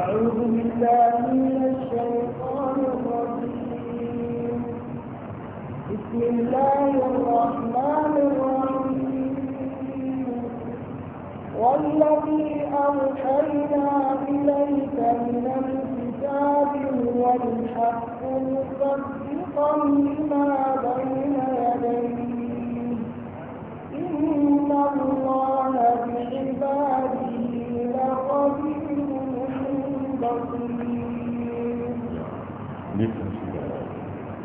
أعوذ بالله من الشيطان الرجيم بسم الله الرحمن الرحيم والذي أوحينا إليك من الكتاب هو الحق مصدقا لما بين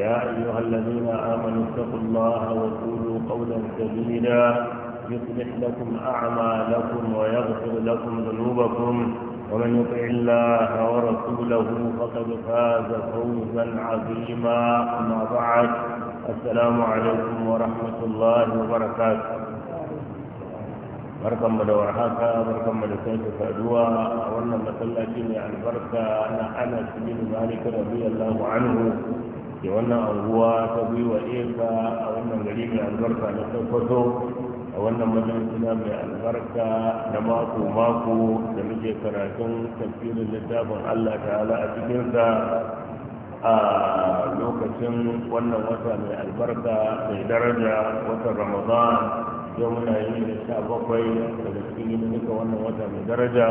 يا أيها الذين آمنوا اتقوا الله وقولوا قولا سديدا يصلح لكم أعمالكم ويغفر لكم ذنوبكم ومن يطع الله ورسوله فقد فاز فوزا عظيما أما بعد السلام عليكم ورحمة الله وبركاته barkan mu da warhaka barkan mu da sake saduwa a wannan masallaci mai albarka na Anas bin Malik radiyallahu anhu ke wannan anguwa ta gwiwa eka a wannan gari mai albarka na tabbato a wannan majalisa mai albarka na mako-mako da muke karatun tafsirin littafin allah ta'ala a cikinsa a lokacin wannan wata mai albarka mai daraja watan ramadan yau muna yi da sha bakwai daga cikin yi wannan wata mai daraja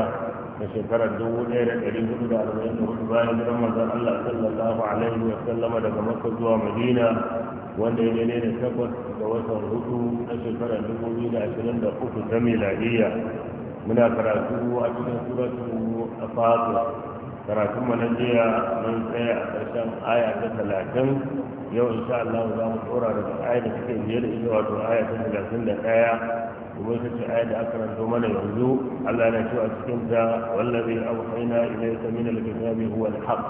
da shekarar dubu ɗaya da ɗari hudu da arba'in da hudu bayan gidan manzon Allah sallallahu alaihi wa sallama daga Makka zuwa Madina wanda ya daidai da takwas ga watan hudu na shekarar dubu biyu da ashirin da uku ta miladiyya muna karatu a cikin a fatu karatun mu jiya mun tsaya a ƙarshen aya ta talatin yau insha Allah za mu tsora daga aya da take biye da ita wato aya ta talatin da ɗaya kuma ita ce ayat da aka ranto mana yanzu Allah yana cewa cikin ta wallazi awhayna ilayka min al-kitabi huwa al-haq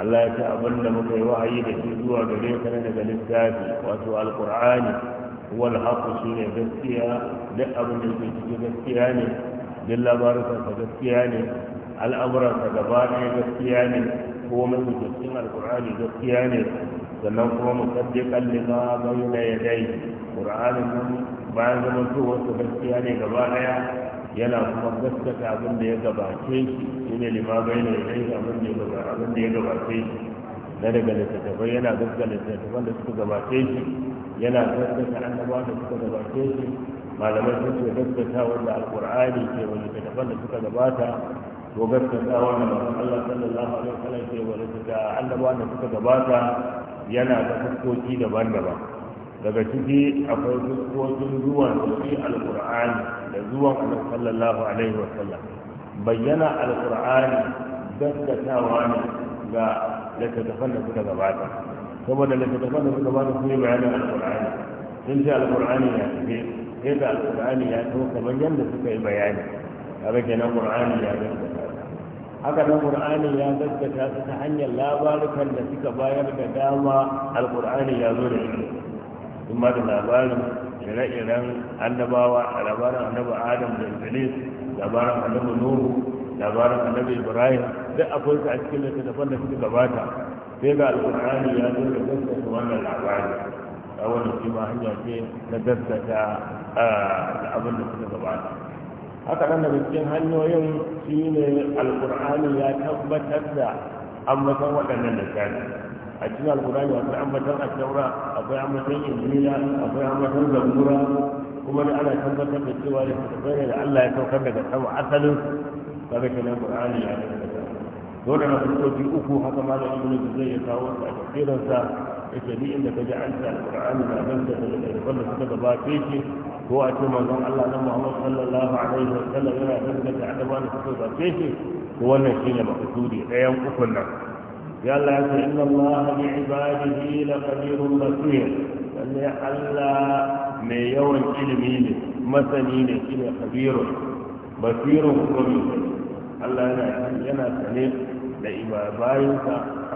Allah ya ce abin da muka yi wahayi da shi zuwa gare ka daga littafi wato al-qur'ani huwa al-haq shine gaskiya duk abin da yake cikin gaskiya ne duk labarinsa gaskiya ne al'amuransa gaba ɗaya gaskiya ne ko mai cikin alkur'ani gaskiya ne sannan kuma mu musaddiƙan lima bayyana ya dai ƙur'anin nan bayan zaman wasu gaskiya ne gaba daya yana kuma gaskata abin da ya gabace shi shi ne dai abin da ya abin da ya gabace shi na daga littattafai yana gaskata littattafan da suka gabace shi yana gaskata annaba da suka gabace shi malamai sun ce gaskata wanda alkur'ani ke wani littattafan da suka gabata to gaskata wanda masu Allah sallallahu alaihi sallam ke wani da da suka gabata yana da fuskoki daban-daban daga ciki akwai fuskokin zuwan shi alkur'ani da zuwan annabi sallallahu alaihi wa sallam bayyana alkur'ani gaskatawa ne ga littattafan da suka gabata saboda littattafan da suka gabata sun yi bayanin alkur'ani sun ce alkur'ani ya tafi sai da alkur'ani ya tafi kamar yadda suka yi bayani kaga kenan qur'ani ya gaskata haka nan qur'ani ya gaskata su ta hanyar labarukan da suka bayar da dama alkur'ani ya zo da shi sun ba da labarin ire-iren annabawa a labarin annabi adam da iblis labarin annabi nuhu labarin annabi ibrahim duk akwai su a cikin littattafan da suka gabata sai ga alƙur'ani ya zo da gaskata wannan labari a wani shi ma hanya ce na gaskata da abin da suka gabata haka nan daga cikin hanyoyin shi ne alƙur'ani ya tabbatar da an matan waɗannan lissafi a cikin alkurani akwai ambatan attaura akwai ambatan injila akwai ambatan zabura kuma da ana tabbatar da cewa da tafai bayyana da Allah ya saukar daga sama asalin kaga kenan qur'ani ya tabbata dole na fuskoki uku haka ma da ibnu zai ya kawo a tafsirin sa yake ni inda kaji an ta alkurani da abin da da suka gabace shi ko a ce manzon Allah na Muhammad sallallahu alaihi wa sallam yana dangata da suka gabace shi ko wannan shine makasudi ɗayan ukun nan قال لك إن الله Allah لقدير yawan ilimi ne masani ne علمين مثنين كده kuma بصير قوي الله أنا أنا سليم لإبابايك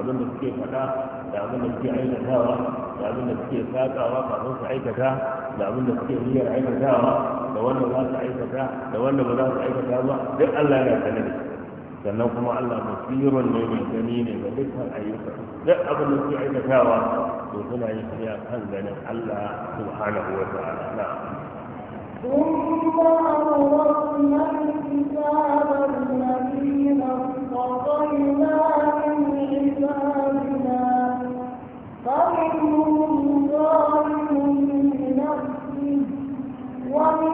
abin da suke fada, da abin da suke aikatawa da abin da suke sakawa kafin su aikata da abin da suke niyyar aikatawa da wanda za su aikata da wanda ba za su aikata ba duk Allah ya sane da sannan kuma Allah basirun ne mai gani ne ga dukkan ayyuka duk abin da suke aikatawa to suna yin shi kan ganin Allah subhanahu wa ta'ala na ثم أورثنا الكتاب الذين اصطفينا من عبادنا فمنهم ظالم لنفسه ومن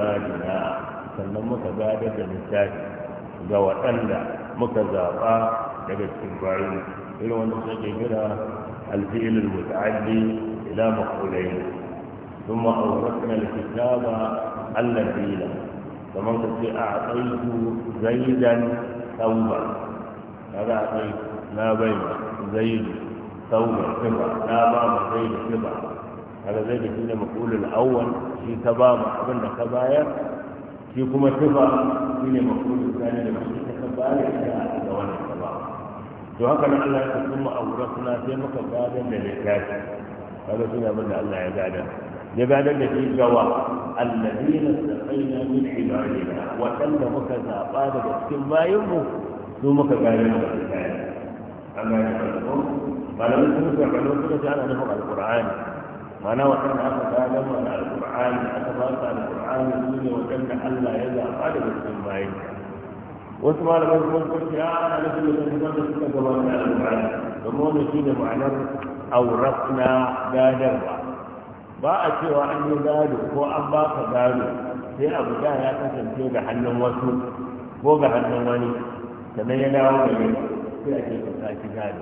imanina sannan muka gadar da littafi ga waɗanda muka zaɓa daga cikin bayi irin wanda suke المتعدي إلى مفعولين ثم أورثنا الكتاب الذين فمن قلت أعطيت زيدا ثوبا هذا أعطيت ما بين زيد ثوبا كبا لا باب زيد كبا kaga zai da shi ne makulul awwal shi ka ba mu abin da ka bayar shi kuma tufa shi ne makulul zani da shi ka bayar a ga wannan ka ba to haka nan Allah ya tafi a kuma auratuna sai muka gadan da littafi kaga shi ne abin da Allah ya gadan ya gadan da shi gawa alladina saqaina min ibadina wa tanda muka zaba daga cikin bayinmu su muka gadan da littafi Allah ya karɓo malamin sun karɓo suka ce ana nufin alƙur'ani معناه وكان أخذ آدم على القرآن أتفاق على القرآن الدنيا وكان ألا يدع طالب السماء وثمان من المنكر في آخر الذي انا في القرآن على القرآن ومن الذين معنى أورثنا آدم باءت في وعن يدادو هو أباك دادو في أبو دا لا تسم في جحنم وسود هو جحنم وني كما يدعو في أجل فتاك دادو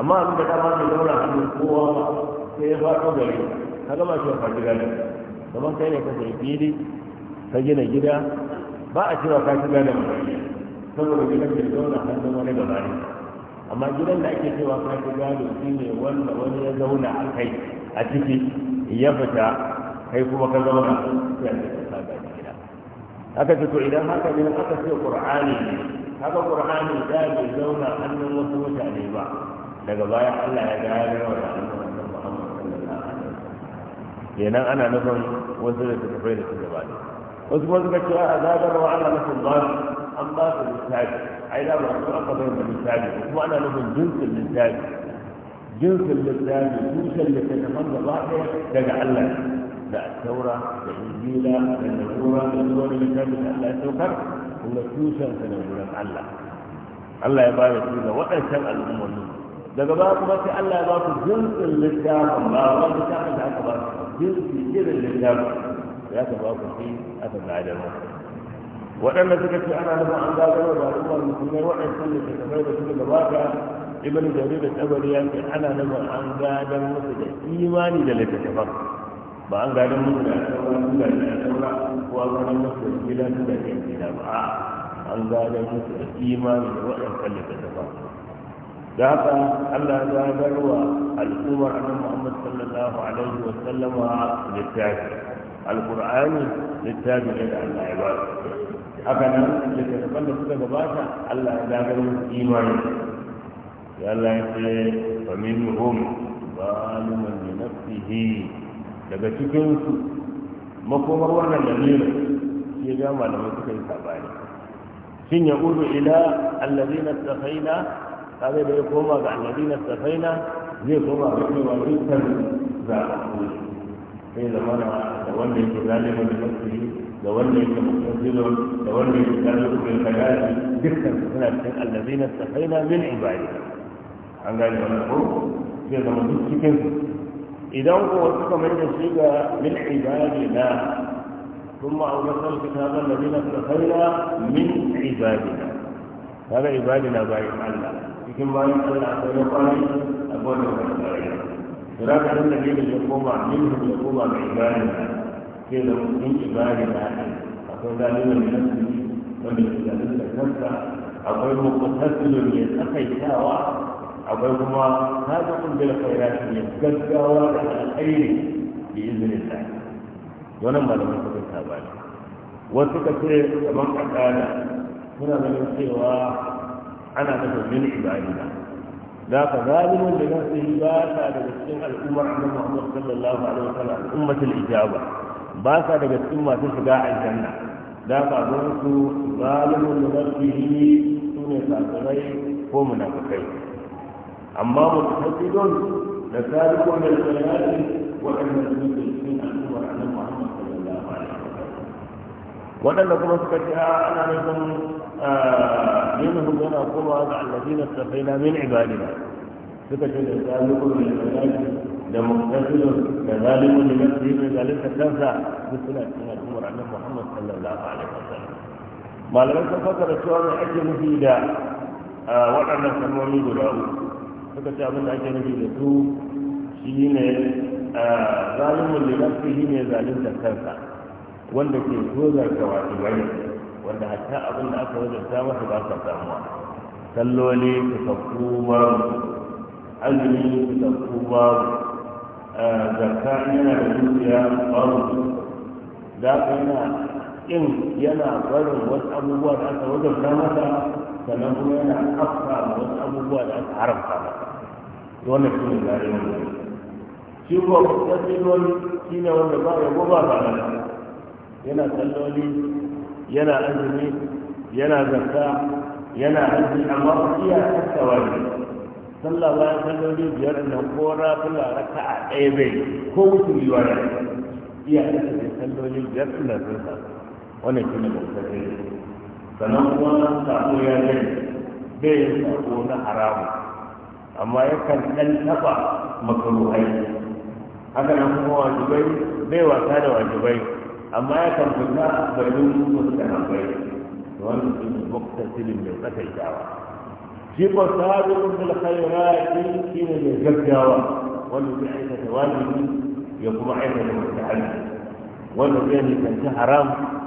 أما أنت كما تقول أنه هو sai ya faɗo gari ka gama shi faɗi gari kamar kai ne ka sai fili ka gina gida ba a cewa ka shiga da mutane saboda gidan da zauna a hannun wani gaba ne amma gidan da ake cewa ka shiga da shi ne wanda wani ya zauna a kai a ciki ya fita kai kuma ka zauna sai a cikin saba gida haka ce to idan haka ne aka ce qur'ani ne haka qur'ani da bai zauna hannun wasu mutane ba daga baya Allah ya gane wa da kenan ana nufin wasu da tafai da su gaba ne wasu kuma suka ce a zagar wa ana nufin ba su an ba su littafi ai da ba su aka bai da littafi kuma ana nufin jinsin littafi jinsin littafi tushen da ta littattafan gaba ɗaya daga Allah da taura da injila da nasura da zuwa da littafi da Allah ya saukar kuma tushen sa da wurin Allah Allah ya ba da su ga waɗancan al'ummar nufin daga ba kuma sai Allah ya ba ku jinsin littafin ba wani littafin da aka ba ku jinsi irin littafin da aka ba ku shi aka gadar waɗanda suka ce ana nufin an gagarwa da al'ummar musulmai waɗansu da ke kamar da suka gabata ibn jarir da tabari ya ce ana nufin an gadar musu da imani da littattafan ba an gadar musu da sauran da da saura ko an gadar musu da gidan da ke gida ba an gadar musu da imani da waɗansu littattafan da haka Allah ya zagar wa al'ummar annabi Muhammad sallallahu alaihi wa sallama littafi al alqur'ani littafi ne da Allah ya ba su. haka nan littattafan da suka gabata Allah ya zagar imani ya Allah ya ce fa minhum zaliman li nafsihi daga cikin su makomar wannan lamirin shi ga malamai suka yi sabani shin ya udu ila allazina tafaina قال بينكما بعد الذين استفينا بينكما بين وليس بعد قيل مرة تولي كذلك بنفسه تولي كمستنزل تولي كذلك بالخيال جدا من الذين استفينا من عبادنا عن ذلك المفروض في زمن السكن إذا هو وقفتكم ان الشيء من عبادنا ثم أوجدنا الكتاب الذين استفينا من عبادنا هذا عبادنا بعيد عن cikin bayan Allah akwai na kwari a gwada wani tsari to za ka san da gina ya koma minhu ya koma ga ibadin sai da mutum ibadin na akwai zalimin da nasu wanda ke zalimin da kansa akwai mukutasilun ya tsakaitawa akwai kuma hada kundin khairati ya gaggawa da alkhairi bi iznillah wannan malamin suka saba ne wasu ka ce kamar kasada suna ganin cewa ana nufin min ibadina da ka zalimin da nafsihi ba ta daga cikin al'ummar annabi Muhammad sallallahu alaihi wasallam ummatul ijaba ba sa daga cikin masu shiga aljanna da ka gurin su zalimin da su ne kafirai ko munafikai amma don da salikun da salati wa annabi sallallahu alaihi wasallam وأن كما سكتها أنا لكم منه بين القرى مع الذين اتقينا من عبادنا سكت الإنسان يقول من عبادنا لمقتتل لظالم لمسجد ذلك تنسى مثل أن الأمر عن محمد صلى الله عليه وسلم ما لم تفكر السؤال الحج مفيدا آه، وأنا سموني بلعب سكت أبن الحج مفيدا شيء آه، ظالم لنفسه من ذلك تنسى wanda ke tozar ka wato bai wanda hatta abin da aka wajabta masa ba sa samuwa salloli ku sakku babu azumi ku sakku babu zakka yana da dukiya Za da yana in yana barin wasu abubuwa da aka wajabta masa sannan kuma yana afka da wasu abubuwa da aka haramta masa wannan shi ne tsarin shi ko tsarin shi ne wanda ba ya goba ba na yana salloli yana azumi yana zakka yana azumi amma iya kasawa ne sallah bayan salloli biyar nan ko raka a ɗaya bai ko wuce yi ne iya kasawa salloli biyar suna sun sa wannan shi ne bautar sannan kuma sako ya ne bai yin sako na haramu amma yakan ɗan taɓa makaruhai haka nan kuma wajibai bai wasa da wajibai amma ya kan fita bai yi musu da hanbai wannan shi ne muktasirin mai tsakaitawa shi ko sabiqun bil khairati shi ne mai gaggawa wanda zai aikata wajibi ya kuma aikata mustahabi wanda zai nisanci haram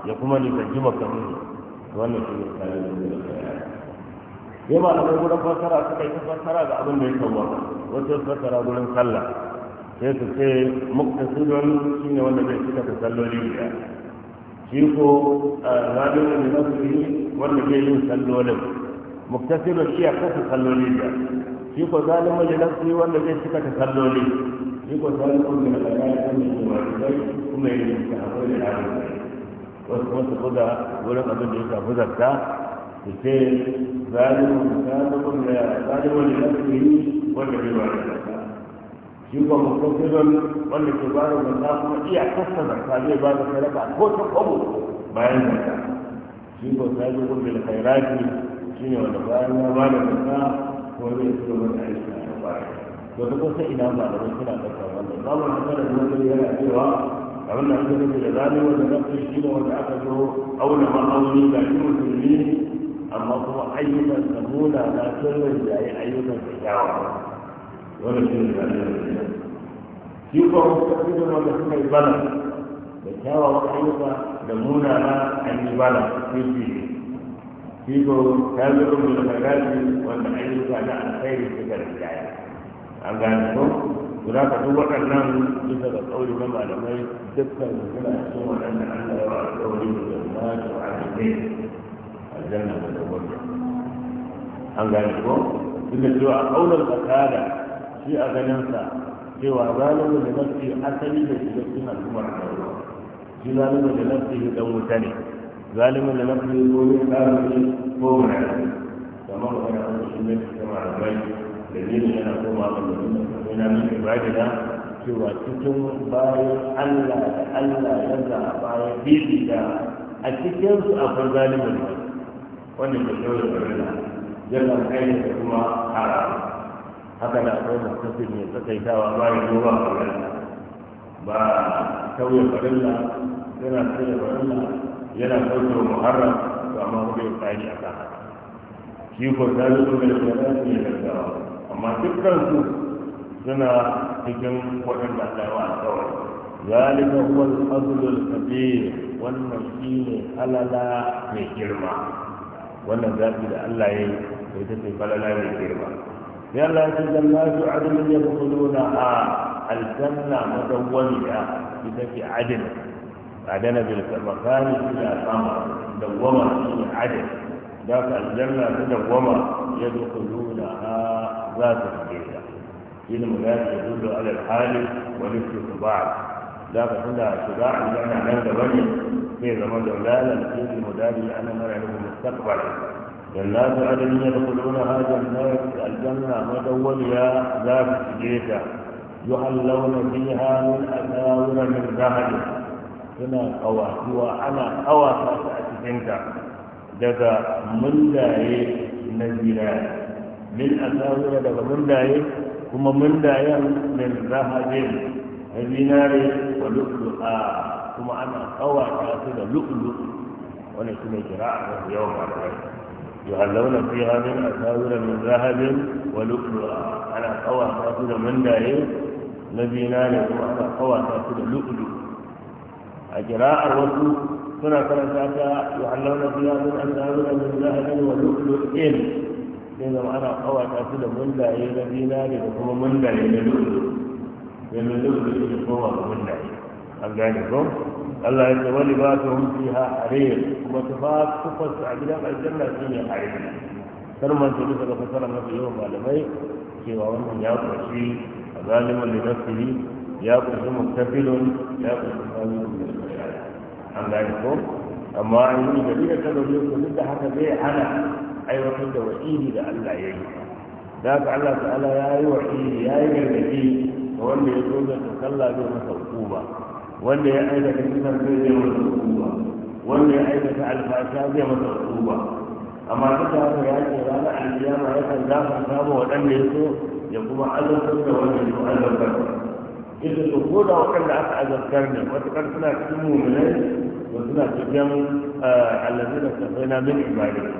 ya kuma nisanci makaruni wannan shi ne sabiqun bil khairati yamma da gurin fasara suka yi fasara ga abin da ya kawo wata fasara gurin sallah sai su ce muktasidun shi ne wanda bai cika ta salloli shi ko rabin da yi wanda ke yin tasallolin muktasidun shi ya kasa salloli biya shi ko zalimin da yi wanda zai cika ta shi ko zalimin da nasiri wanda bai kuma yi yin yi da rabin wasu kuma su buga wurin abin da ya shafi zarta su ce zalimin da yi wanda bai wani zarta يبقى مقتصدا ولا كبار من الناس ما هي كسر هذه بعد ثلاثة كوت أبو ما ينفع يبقى سابق بالخيرات شنو ولا بعنا ما نفعنا ولا يسلم العيش وتقص إلى ما لو كنا ذكر والله الله حتى لو كنا يلا فيها عملنا عندنا في الأذان ولا نفس الشيء ولا أخذه أول ما قولي لكن المسلمين أما هو أيضا سمونا لا تنزل أي أيضا في الدعوة Wala shi ne ranar ko mutane da wanda suka yi bala da kyawawan ayyuka da munana an yi bala sai shi shi ko ta zo da mulkaraji wanda ayyuka na alkhairi suka rinjaya an gane ko guda ka duk waɗannan bisa ga tsauri na malamai dukkan suna cikin waɗannan an da yawa a da jama'a da wa'adai aljanna da dawar an gane ko duk da cewa aunar tsakada shi a ganinsa cewa zalimin da nafi asali da shi da cikin al'ummar da ruwa shi zalimin da nafi dan wuta ne zalimin da nafi ko ne kafiri ko ne kamar wani abu shi ne kamar rabai da ne yana koma ga mutum yana da ibadina cewa cikin bayan Allah da Allah ya zaɓa ya bibi da a cikinsu akwai zalimin wanda ke shawarar da jalla kai da kuma haram haka na akwai mutasin mai tsakaitawa ba ya zo ba farilla ba kauye farilla yana kauye farilla yana kauye muharram to amma kuma ya tsari a kan haka shi ko ta zo da shari'a ne gaggawa amma dukkan su suna cikin waɗanda Allah ya alƙawari zalika huwa al-fadl al-kabir wannan shine alala mai girma wannan zabi da Allah ya yi ita ce falala mai girma يلا جنات عدن يدخلونها آه، الجنة مدونة إذا في عدن عدن بالمكان إلى ثمر دوما في عدن ذاك الجنة مدومة يدخلونها ذات الجنة إن ذلك يدل على الحال والاستطباع ذاك هنا اتباع لأن عند بني في زمن دولة في المداري أنا مرعب المستقبل jannatu adadin ya dafa zuwa ha jannatu aljanna madawwaliya za su shige ta yi hallawa na biyu hannun a tsawon min zahari suna kawasuwa ana kawasa su a cikinta daga mundaye na zinaya min a tsawon daga mundaye kuma mundayen min zahari na zinare wa lu'ulu a kuma ana kawasa su da lu'ulu wani su kira a yau ba da yuhallawna fiha min min zahabin wa lu'lu'a ana kawata su da mandaye na zinare kuma ana kawata su da lu'lu a kira'ar wasu suna karanta ta yuhallawna fiha a asawira min zahabin wa lu'lu'in sai zama ana kawata su da mandaye na da kuma mundaye na lu'lu an gane ko Allah ya ce wani ba ta hun fiha harir kuma ta fa su a gidan aljanna shi ne harir kar man ta da fasara mafi yawan malamai cewa wannan ya kunshi a zalimin da nafsiri ya kunshi muktafilun ya kunshi zalimin da an gane ko amma an yi da biyar ta talabi ko duk da haka zai hana aiwatar da wa'idi da Allah ya yi da haka Allah ta'ala ya yi wa'idi ya yi gargaɗi ga wanda ya zo da sallah zai masa hukuma وانا يا ايضا كتنا في الدين والعقوبة وانا يا ايضا فعل فاسادية والعقوبة اما تتعرف يا ايضا على الجامعة ايضا داخل الكابة وانا يسوع يقوم على الكابة وانا يسوع على الكابة إذا تقول أو كان لعفع أذكرنا وتقول فلا تسمو مني وفلا تجمع على ذلك تقينا من عبادك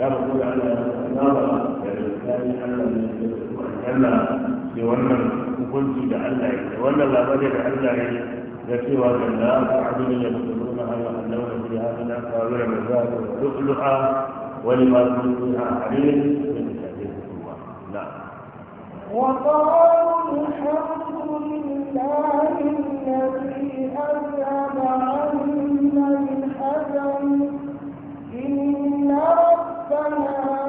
يا رسول على نارا يا رسول على نارا يا رسول على نارا يا رسول على نارا يا رسول على نارا لسوى الناس عدل يدخلونها يحلون فيها من أساور الذهب وحلها ولما فيها حرير من حديث الله نعم وقالوا الحمد لله الذي أذهب عنا الحزن إن ربنا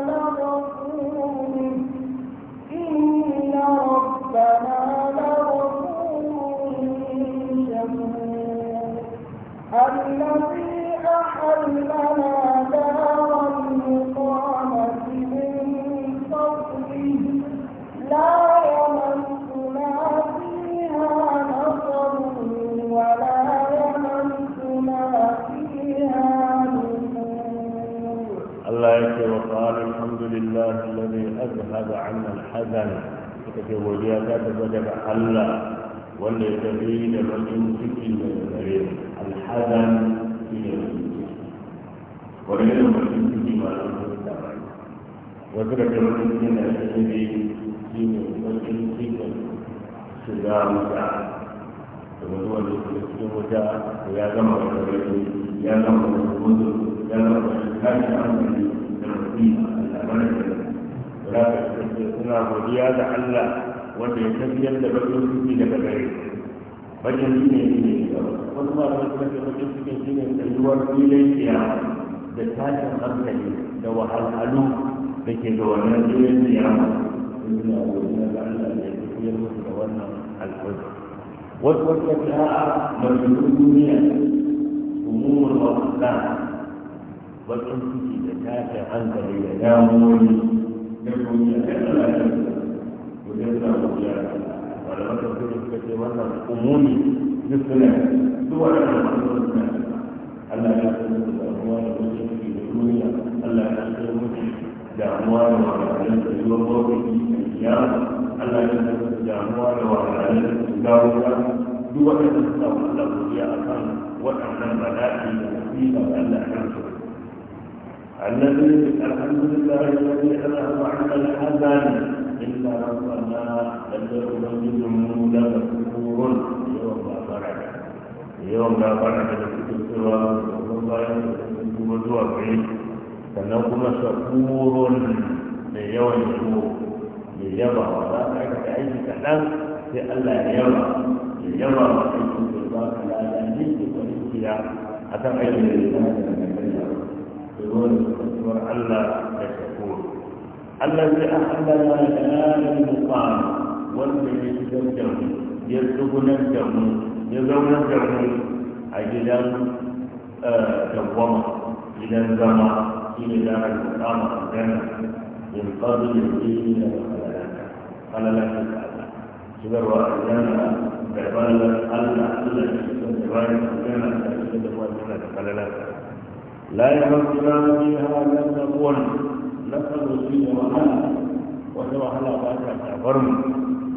take godiya ta tabbata ga Allah wanda ya tafi da bakin ciki da gare mu azan shi ne wani irin mutum suke masu mutum da bai wasu da kuma suke na shi ne shi ne wajen cikin shiga wuta da wani wanda suke cikin wuta ya gama wani rashi ya gama wani mutu ya gama wani kashi hankali da mutum da wani da za suna godiya ga Allah wanda ya tafiyar da bakin suke daga da bakin shi ne shi ne wasu ba da kuma ke bakin cikin shi ne tsayuwar filin kiyama da tashin hankali da wahalhalu da ke da wannan filin kiyama suna godiya ga Allah da ya kuyar musu da wannan al'adu wasu wata kira'a majalun duniya umumul mawasa bakin ciki da tashin hankali da damuwoyi da kuma ya kai Allah da ya kuyar da malaman tafsirin suka ce wannan umumi duk suna duk da masu suna Allah ya san su damuwa da wasu suke da duniya Allah ya san musu damuwa da wahalhalun da yiwuwar mawuƙi da kiyama Allah ya san damuwa da wahalhalun da su dawo ka duk suna da lafiya a kan waɗannan bala'i da wasiƙa da Allah ya san su الذي الحمد لله الذي أنعم عنا الحزن إلا ربنا أجر من جنود مكفور يوم بعد يوم بعد الكفر والله يكون فنقم شكور ليوم الشكور ليبا ولا تعرف أي كلام في ألا يبا ليبا وأي كلام لا يجب أن يكون حتى أي كلام دول كسور الا لشكور الذي أحلنا لنا المقام والذي يسجد يرزق نفسه يزول نفسه أجلا دوما إلى الزمان إلى دار المقام الجنة ينقضي الدين الخلل خلل الخلل شبر وأجلنا بعبادة الله الله الا بعبادة الجنة يسجد بعبادة الخلل لا يمس لنا فيها لم نكن نسأل في وهلا وهي وهلا فاتت تعبرنا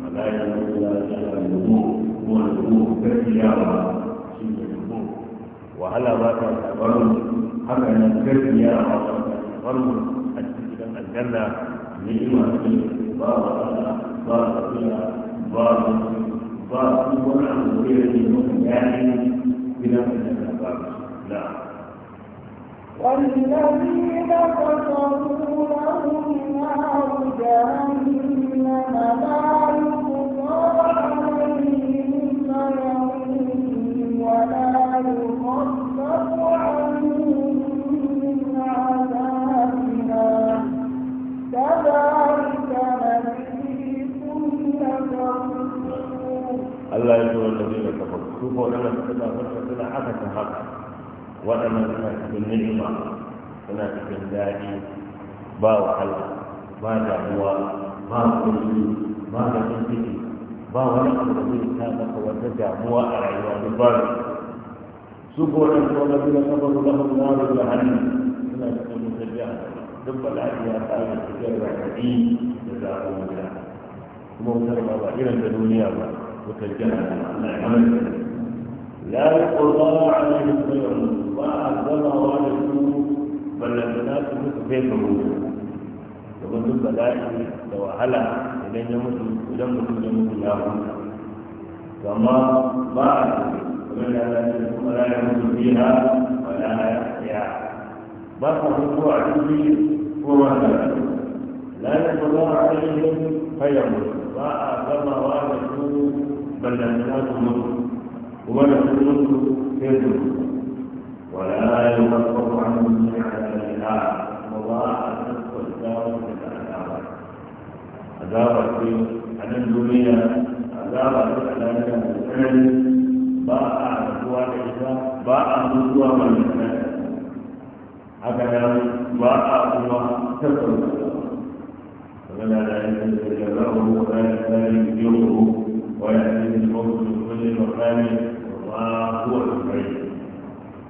فلا يمس فيها النمور والنمور كالسيارة شيء النمور وهلا فاتت تعبرنا حتى يا رب تعبرنا الجنة نعمة بارك بارك فيها بارك بارك ونعم بها من يعني بنفسها والذين كفروا لهم نار جهنم لا يقضى عليهم فيموتون ولا يخفف عنهم من عذابها كذلك نجزي كل كفور الله يقول الذين كفروا شوفوا لما تتلى فرقة حتى waɗannan suna cikin ni'ima suna cikin daɗi ba wahala ba damuwa ba kunshi ba da ciki ba wani abu da zai ta maka wata damuwa a rayuwa duk ba su ko waɗansu wani biyu na kafa su kafa su wani da hannu suna cikin mutar jihar duk ba lafiya ta yi cikin rakaɗi da zaɓen wuta kuma wutar ba ba irin da duniya ba wutar jihar da ma'ana ya amince لا يقضى عليهم غيرهم وأعظمه على السوء بل الناس مثبتهم ومن ثم بلاء لو هلع إذن يموت إذن يموت يموت يا وما ما ومن لا يموت فيها ولا يحيا بقى الركوع فيه هو لا يقضى عليهم فيموت وأعظمه على السوء بل الناس مثبتهم ونفسه يده ولا يخفف عنه من عذابها مضاعفة والدار العذاب عذاب في عن الدنيا عذاب في العذاب الثاني باع مسوى باع مسوى من الثاني هكذا باع هو تسلم فلا لا يجوز له ولا يجوز يغره ويأتيه الموت كل مكان وما هو البعيد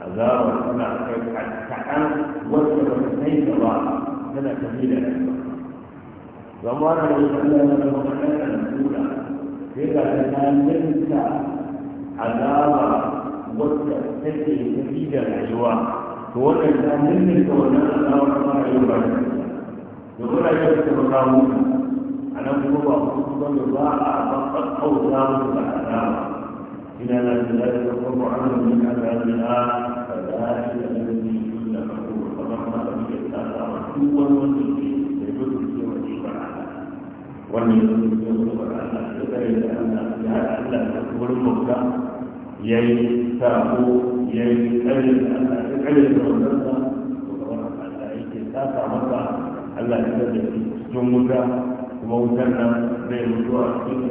عذاب السمع كأن وجب كيف الله سنة كبيرة زمان وسلم المحنة الأولى إذا كان ينسى عذاب وجب كيف كبيرة العجوان فوجب كان ينسى ونسى الله عجوان يقول أيها السلطان أنا أقول الله أكبر الله أكبر أو سامر الأعلام إلى أن ذلك الرب عنه من عذاب النار فذلك الذي يكون مكروه فمن لم يتقى مكروه وزوجه يجوز في وجه والنبي يقول على ذلك أن لأن الملك يتابو يتعلم أن يتعلم الرب وتبارك على يتسع مكة ألا يتجد جمك وموتنا بين مشروع فيك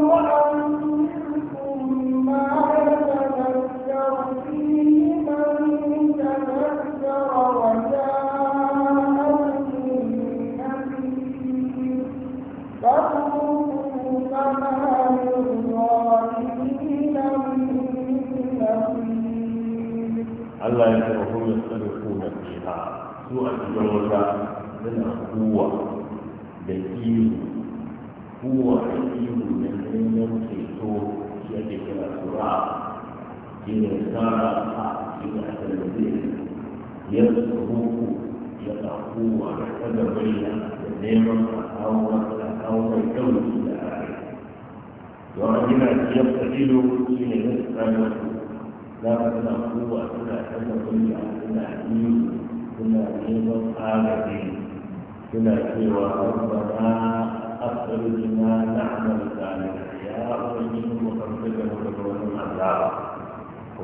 su a cikin wata suna kuwa da ihu kuwa da ihu na neman ceto shi ake kira sura shi ne tsara a cikin ne a ya tsohu ya ta kuwa da kada bayyana da neman a kawo da kawo mai dauki da rai yawan gina ya fasilu shi ne na tsara za ka suna kuwa suna kada bayyana ihu كنا نحب العالمين كنا سوى ربنا أكثر بما نعمل كان الحياء ومن مخرجة وكبرة العذاب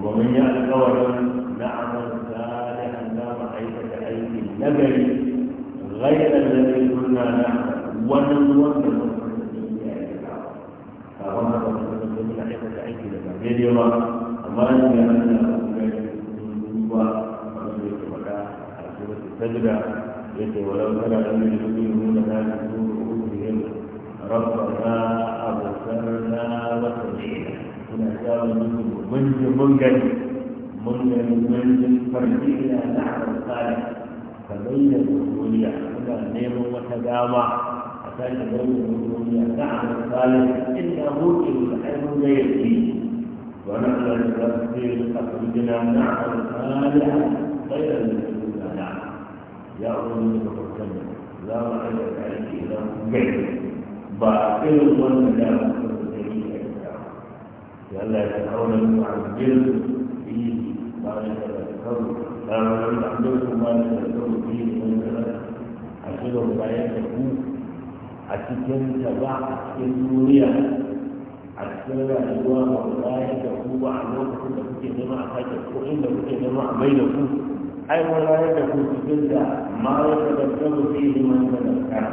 ومن يأتي ورد نعمل صالحا لا معيشة أي نبي غير الذي كنا نعمل ونوفر فهو ما قد تكلم عن حكمة عيسى لما أما أن يعلم أن الله سجدة يتي ولو ترى أن المؤمنون لا يكون رؤوسهم ربنا أبصرنا وسمعنا هنا قال منهم منج منجن منجن منجن فرجينا نعمل صالح فبين الرسولية هنا نيم وتدامى أتاك بين الرسولية نعمل صالح إنه الحلم يكفي ونحن نستغفر أخرجنا نعمل صالحا غير المسلمين ya ubangiji ka farkon da za mu aikata aiki za mu gani ba irin wannan da mu kuma da yi a ita ya Allah ya kauna mu a gidan yi ba ne da karu ta wani abin kuma da karu yi da wani da a cikin bayan da ku a cikin ta ba a cikin duniya a cikin rayuwa ba bayan da ku ba a lokacin da kuke nema a sake ko inda kuke nema a mai da ku ai wayar da ku da ma ya tazakkaru fihi man tazakkara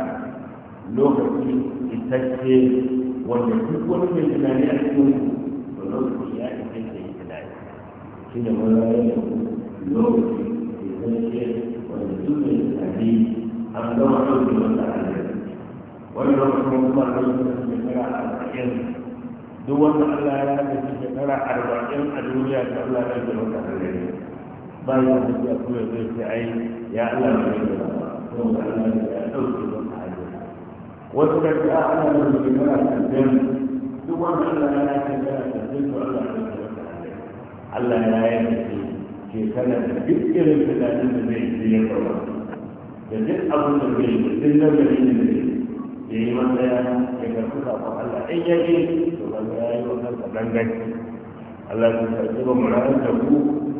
lokaci isasshe wanda duk wani mai tunani a cikin ku to lokaci ya isa ke yi tunani shi ne wayar da ku lokaci isasshe wanda duk mai tunani an gama ɗauke wanda an yi wani lokacin kuma a lokacin shekara arba'in duk wanda Allah ya yi shekara arba'in a duniya da Allah ya yi wanda an yi bayan da ake kuma zai ce ai ya Allah mai yi da kuma Allah ya ɗauke masa hajjin wasu da ta Allah mai yi da hajjin duk wanda Allah ya ce da hajjin to Allah ya ɗauke masa hajjin Allah ya yi da shi ke kana da duk irin tunanin da zai yi ya kawo da duk abin da zai yi duk da zai yi da ya yi wanda ya karfi kafin Allah in ya yi to ba ya yi wannan gangan Allah ya karfi ba mu ranar da ku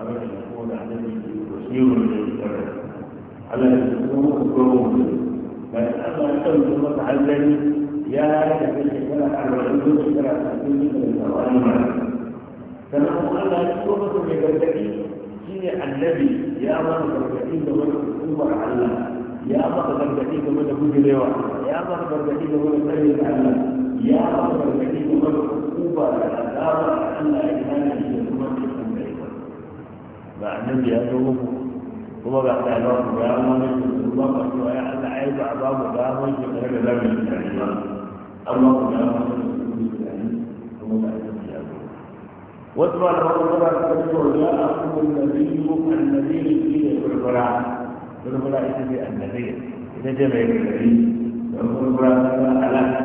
أبدا يكون الذي يشير للجبل على السكون كروه بل أما كون المتعلم يا كفيل كلا على الوجود كلا كفيل من الزوال فنحن أن السورة لبلدكي هي الذي يا من بلدكي لمن السورة على يا من بلدكي لمن كل لواء يا من بلدكي لمن سيد على يا من بلدكي لمن السورة على الله إله إلا ga annabi ya zo muku kuma ga ta ba ku ya ma ne ku ba ku to ya Allah ai ba ba mu da mun ki kare da zamu yi tare ba amma ku ya ma ne ku yi tare kuma ga annabi ya zo wasu ba da wani kuma da ko ya aku annabi ko annabi ne shi ne burbura burbura ita ce annabi ita ce mai gari don burbura ta alaka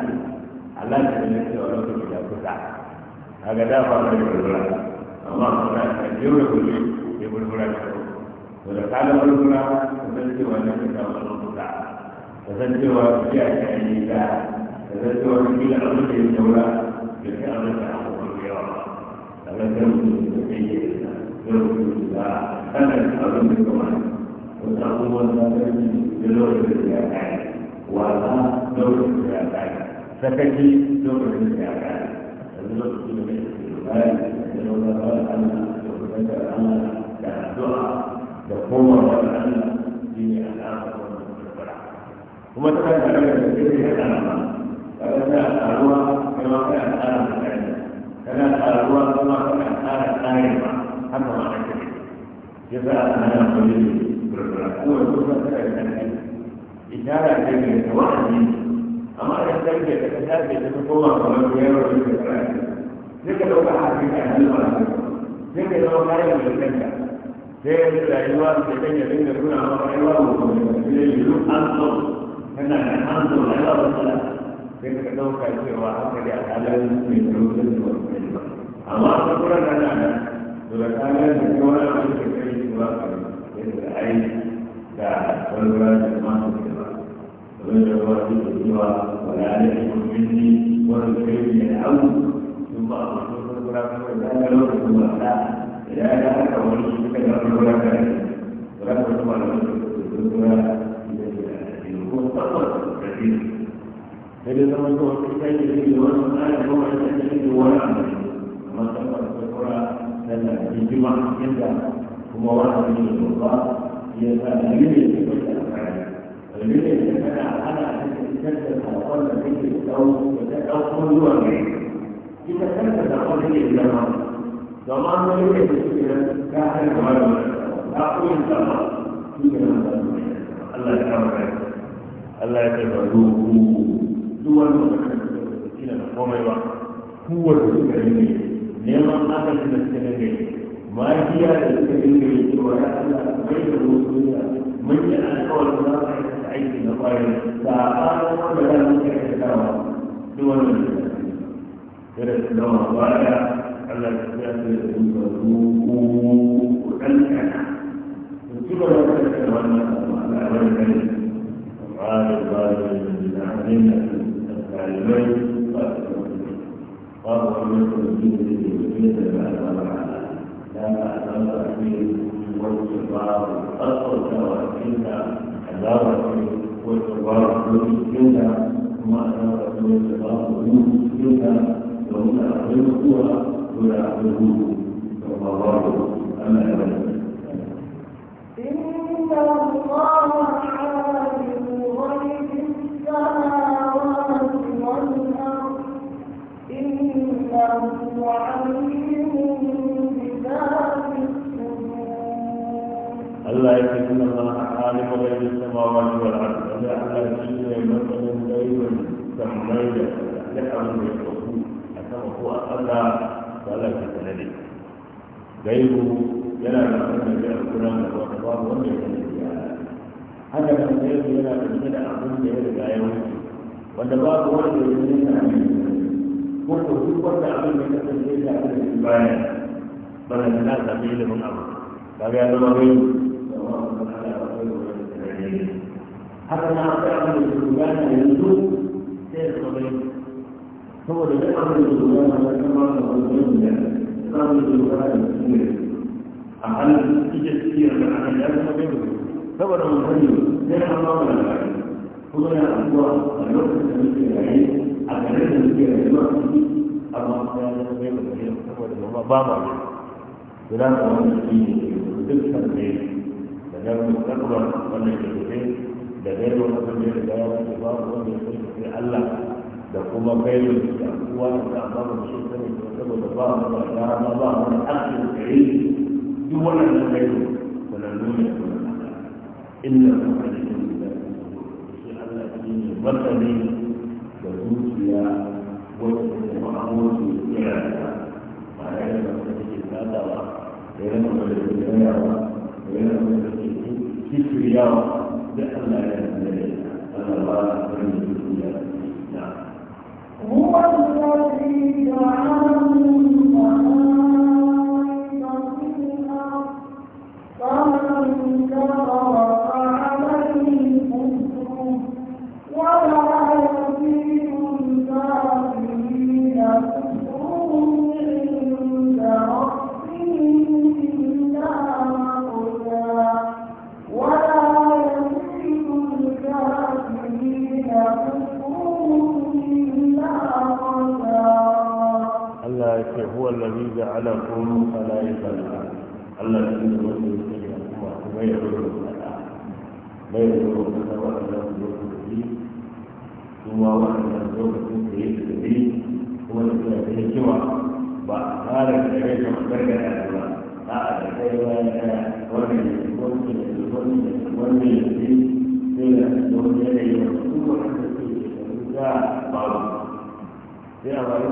alaka ne ke wani kuma ya kusa a ga dafa mai burbura amma kuma ta jiyo da kullum ولا شعور ولو كان ربنا فزلت ونفسك وصدقك فزلت ورجعت اليك فزلت وكيل عمرك الدولة بالفعل تعقب اليوم فذكرت بحيه ذكرت بالله فلا تعلم بكمان وتقوم الغداء بلغة الزيادات ولا دورة الزيادات فتكي دورة الزيادات فذكرت بالله فلولا قال أنا وذكر أنا الدعاء يقوم بالعلم في الأعمال وما تكلم من ذكره الأعمال فكان أعلوها كما كان آل العلم كان أعلوها كما كان آل العلم حتى ما عندك جزاء أنا قليل هو الجزء الثاني إشارة إلى التوحيد أما يحتاج إلى تكتاب يتفقوا كما يرى ذكر لكن لو كان في أهل الولد لكن لو كان من الكلام sai ya yi rayuwa da kan ya dinga nuna ma rayuwa ko kuma ya yi duk an so kana da an so rayuwa ba ta sai ka dauka cewa haka dai alhalin mai rubutun da wani ba amma ta kura da nan to da kana da kowa da wani da kai shi ba ka yi da ai da wani da ma su ke ba wani da wani da cewa wala da kuma minni wani kai ne da abu sun ba a wasu kura kuma da ya lokacin ba إذا أنا أنا أولي كان يقول لك ولا تسمع فإذا لم يكن في شيء يوم أنا هو الذي ولا ما تقرأ القرآن في جمع كذا هم واحد من الله يسأل من يسأل فمن يسأل على تثبت أقل به أو أو كل واحد إذا ثبت أقل به زمان ما يوجد مشكلة لا أحد يعلم لا أقول زمان الله يعلم الله يتبعوه دول إلى مقام الوقت هو المستقيم نعم أكل المستقيم ما هي المستقيم ولا غير الوصولية من أن أول مرة تعيش المقاييس فأقام ولا مستقيم دول المستقيم درس الله Allah ya tsaya da su ga ku dan kana su ba da kanta wannan Allah ya bari قال الظالمين من علينا الظالمين قال ومن يريد يريد ما أمر لا أمر فيه والصبار أصل توحيد حلاوة والصبار مسكينة ثم أمر بالصبار مسكينة وهنا غير ولا عبده كما قال أما أبدا إن الله عالم غيب السماوات والأرض إنه عليم بذات الله يكفينا الله عالم غيب السماوات والارض الا على شيء مثلا غيب سميت لحم يقصد اتمه الله Allah ke sanar da shi gaibu yana da wannan da Al-Qur'an da wata babu wanda ya sanar da Allah haka nan gaibu yana da da abin da ya riga ya wuce wanda babu wanda ya sanar da Allah ko ko duk wanda abin da ya kasance da Allah baya balan na da ilimin abu kaga ya zama gaibu haka na aka yi da yanzu هو الذي أمر بالله كما أمرنا أمر بالله أقل تجسير من عمليات مبينة فبرا من هديه لأن الله لا يعلم هو يا أخوة الوقت الذي يعيش أكلت الذي يعيش أما كان مبينة فبرا الله باما بلا أمر فيه وتلك الليل لأنه مستقبل ولا يجوزين لديه وقت الليل لا يجوز الله ولا يجوز في الله da kuma kai da kuwa da ba da shi ne saboda ba da ya ba ba da hakkin kai duk wannan kai wannan nuna inna rahmatan shi Allah shi ne masani da zuciya wanda ke ma'amurci ya ba ya yi da wanda ke tsadawa da ya yi da ke yawa da ya yi da ke kifiriyawa da Allah ya yi da ya Allah ba da ya yi da هو الذي جعلكم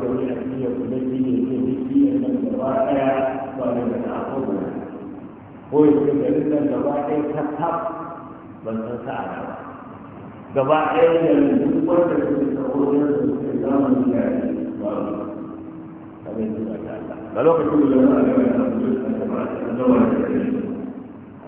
wanda wani addini shi ne ke a nan gaba ɗaya ba da da na ko ba ko ya ce garin gaba ɗaya ta tab ban san sa'a ba gaba ɗaya da duk wanda ta tsakonin su ke zamani ya yi ba ba lokacin da zama a gaba da abu da ta ba da zama da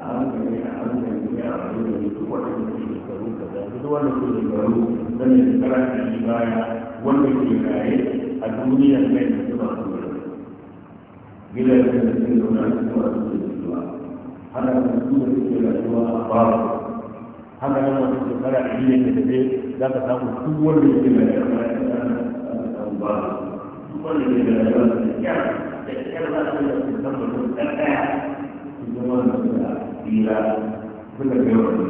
a hankali a hankali a hankali duk waɗanda ke shekaru ka za duk wanda ke shekaru zan yi shekara da shi baya wanda ke raye a duniyar mai da su ba su da gidajen da suke zauna da su ba su da su hana da su da suke rayuwa a babu hana da wata shekara da yi da tafe za ka samu duk wanda ke rayuwa a samu babu duk wanda ke rayuwa da kyar da kyar za ka yi da su zama da ɗaya su zama da tsira suka kai wa ne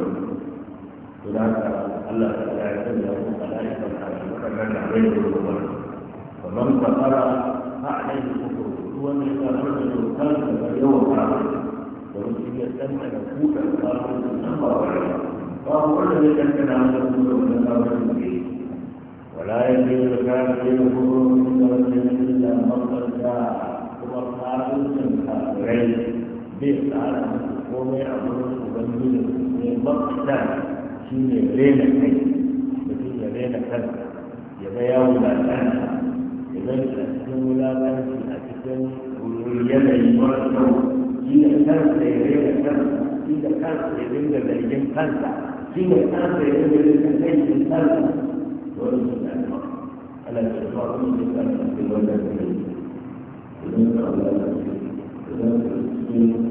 to da haka Allah ta ya san da mu malaika ta shi kaga da rai da ruwa kamar ka fara ha alai kufur ruwan ne ka fara da kan da yawa ka da wasu ya san da kuka ka fara da nan ba ba ba wanda ya san da nan da kuka da nan ba ne ولا يزيد الكافر كفره من درجه الا مقتل كما قالوا من كافرين بئس على komai a wurin ubangiji ne mafitan shi ne rena kai mutum ya rena kansa ya ga ya wulaƙanta ya zan a cikin wulaƙanci a cikin yanayi mara shi ne kansa ya rena kansa shi ne kansa ya dinga zargin kansa shi ne kansa ya dinga zargin kai kansa dole su ne ala shi ba su ne kansa da wannan kai idan ka wulaƙanci idan ka cikin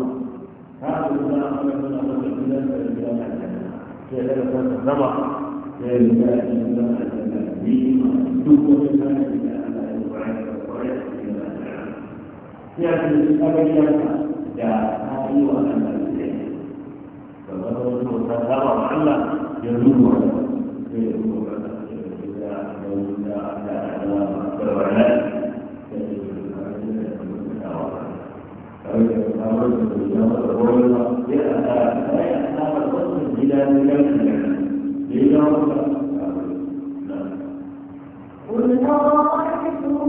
هؤلاء أمرنا والإنسان فإنسان الجنة في هذا الفرد الضبع فإنسان الإنسان الجنة دين دون إنسان الإنسان الوعي والوعي يأتي الإسلام الجنة جاء هذه وأنا الإسلام فالرسول صلى الله عليه وسلم يدور على في الوعي إذا لو إذا أتى على الوعي قل أرأيتم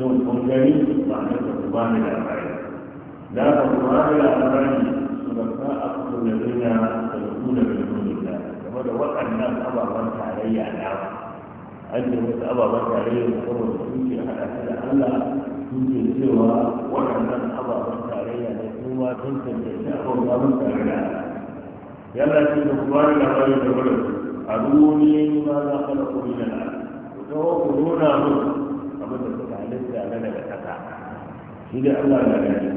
shin kun gani ma'anar da ku ba ni labari da aka ku ba ni labari su da ka a kuma da zina da ku da bilmuni da game da waɗannan ababen tarayya na an ce wasu ababen tarayya da saboda sun ke haɗa ta da Allah sun ke cewa waɗannan ababen tarayya da kuma sun tantance ababen tarayya Yana ce da ku ba ni labari da wurin a duniya ma za ka da kuma yana ku tawo ku nuna mun abin da halitta na daga ƙasa shi da Allah na gani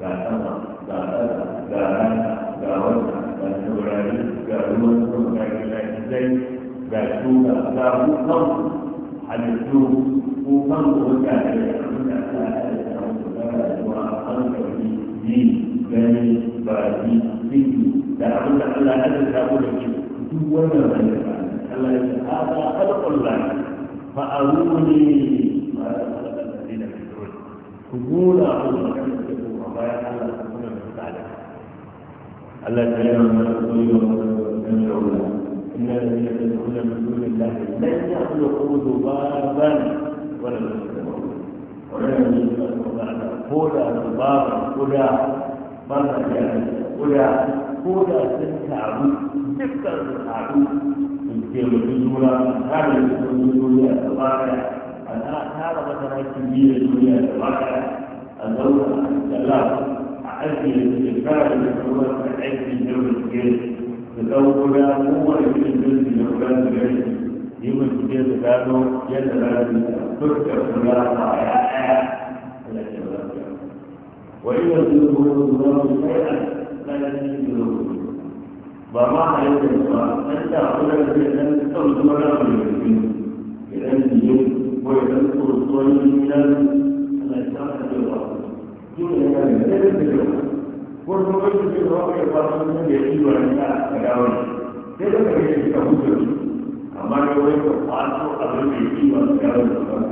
ga sama ga ƙasa ga rana ga wata ga taurari ga ruwan sama ga gilagizai ga tuka ga kukan halittu kukan kuka da ya kuka ta halitta wasu ga rayuwa hankali yi gani baki ciki da abin da Allah ya halitta ku da shi duk wannan rayuwa Allah ya ce hada halƙullahi fa'aruni أولئك الذين يدعون قبول أعوذ بك من وما الله سبحانه وتعالى الذين آمنوا وسمعوا له إن الذين يدعون من دون الله لن يخلقوا ذبابا ولا يستمعون ولن يستمعون هدى ذبابا هدى مرة هدى koda sun taru dukkan su taru sun ke mutum jura har da sun yi duniya gaba daya أنا أتعرف مثلا كمية الدنيا الواقع الدولة الثلاث أعزي الاستفادة من الدولة أعزي الدولة الجيش تدور قوة في الجنس لأولاد العلم يمكن تجد كانوا يدرس تذكر ثلاثة آيات وإن يذكره الله شيئا لا يذكره وما يذكر أنت أولا بأن تنظر إلى الجنس ويذكر صليلا مساحة الأرض جملة كاملة باللغة والمعجز الرابع يقال أنه يزيد عن التداول كذا كان يتهوج أما لو يكون قاصر أبو يزيد عن التداول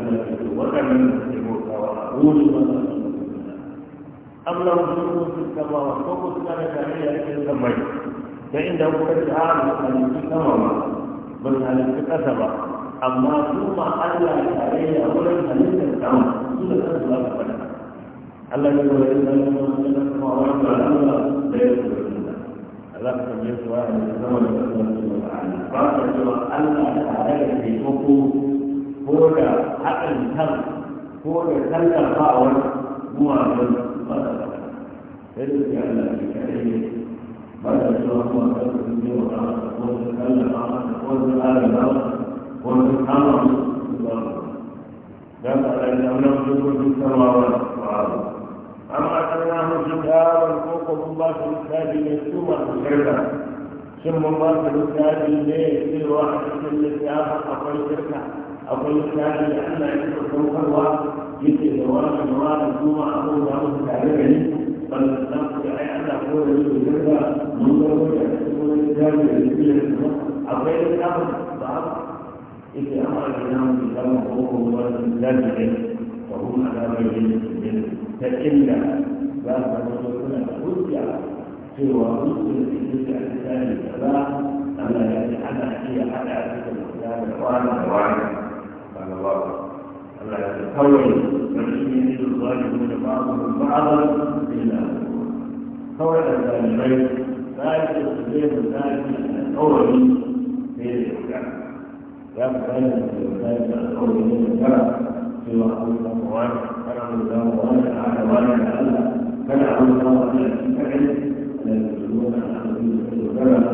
التي وكمن الموت وأقول أم لو جنود في السماء فقد كانت هي في السماء فإنه قد عارف أن في السماء بل هل في الأسباب amma kuma Allah ya tarayya wurin halittar sama su da kansu za su faɗa Allah ya wuri da kuma da kuma wani da Allah da ya wuri da Allah ka yi su wani da sama da kansu da Allah ba ka cewa Allah ya tarayya ne ko ko da hakan kan ko da tallafawar guwanin ba ta faɗa sai da ya Allah ya tarayya ba ta cewa kuma kansu ne wa Allah ko da tallafawa ko da Allah وسبحان الله لم أنه يكون في السماوات والأرض أما أتيناه كتابا فوق الله في الكتاب مكتوبا خيرا ثم الله في الكتاب ليه في واحد من الكتاب أقل شركة أقل كتاب لأن يكون فوق يجي جواب جواب الجمعة أقول له تعليمي فالناس لأن أقول له شركة منذ وجهة تكون الكتاب لكل الكتاب أقل كتاب بعض إذ أمر الإمام بالدم وهو ذلك وهم على غير فإلا بعد أن يكون حجة سوى مسلم في تلك الإنسان السماء أما يجعلها هي على تلك الإسلام إخوانا وعلا قال الله ألا يتحول فإن يجد الظالمون بعضهم بعضا إلا قول الظالمين ذلك الزبير ذلك الأول في الإسلام يقبل الإنسان الحر من الشرع في وقت القرآن فنعم الله وأنا تعالى وأنا تعالى فنعم الله وأنا فعل لا يجوزون أن يكون في الشرع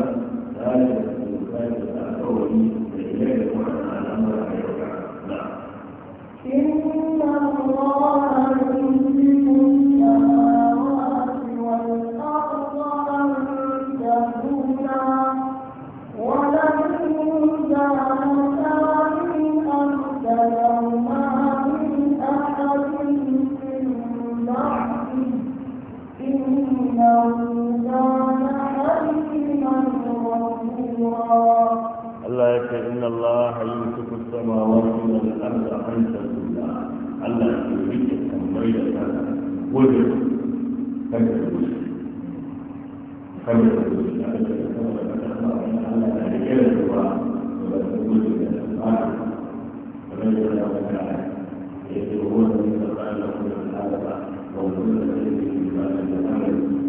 ذلك الإنسان الحر من الشرع وأنا على أمر غير نعم إن الله Allah ya ce inna Allah hayyu tuku samawati wal arda an tasula Allah ya rike tambayi da sana wajen kada da wuce kada da wuce da aka da sama da kasa ba Allah ya rike da ruwa da da wuce da sama da da ya wata ya ce wa wanda ya tsara da kuma da ba wa wanda ya ce da ba da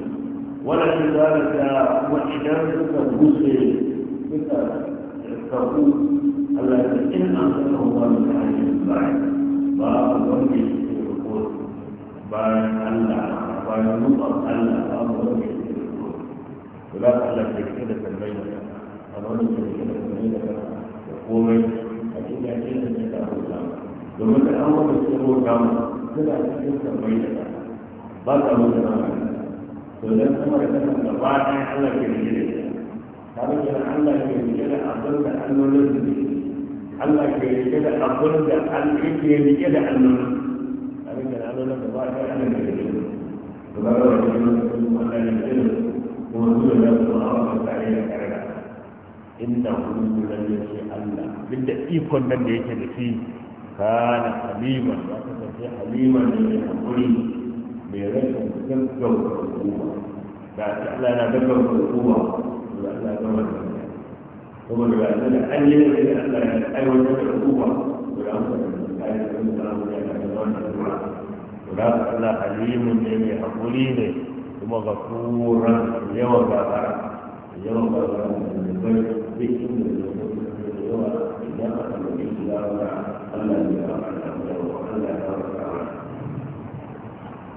ولكن ذلك وحدان مثل كالتقوت التي إن أنزله الله من عليه البعيد باب وجه الركود باب ان باب نطق ألا باب وجه الركود ولا تعلم بكتابة بينك أظن بكتابة بينك يقول أكيد أكيد أنك أقول ومن الأمر يصير كما كذا أكيد بينك باب أمر ولم أمر لنا الضباع على كريجلة هذا كان على كريجلة أظن أن نلزم على كريجلة أظن أن كريجلة أن نلزم هذا كان على الضباع على كريجلة وبعد ذلك ولا يزال موجود له الأرض الثانية كذا إنه لم يشاء الله بدأ يكون من يشاء فيه كان حليما وكان حليما من الحليم mai rashin gaggauta hukuma da ta Allah na hukuma da Allah da kuma da Allah da an yi da Allah ya aiwatar da hukuma da Allah da ya yi da Allah ya yi da Allah da Allah halimun ne mai hakuri ne kuma ga kuran yawan yawa da bai duk inda da yawa idan aka da Allah ya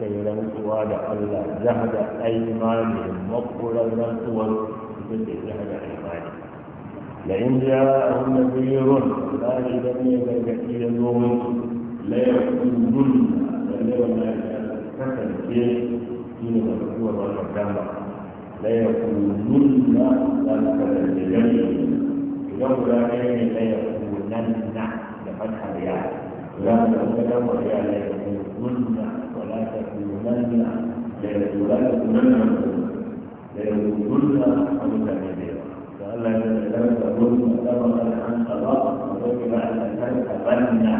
فكيلان قوال ألا جهد أيمانهم مقبول المنصور فكيل جهد أيمانهم لئن جاءهم نذير لا يدني بين كثير النوم لا يكون ظلم بل وما كان كفن فيه دون مذكور والمكان لا يكون لا كفن فيه لولا لا يكونن لفتح الرياض لا تتنوع على يكونن ولا تكونن لا يكونن لا يكونن متميزين فألا يتنوعن سبقا عن صلاة وذكر أن تتبنى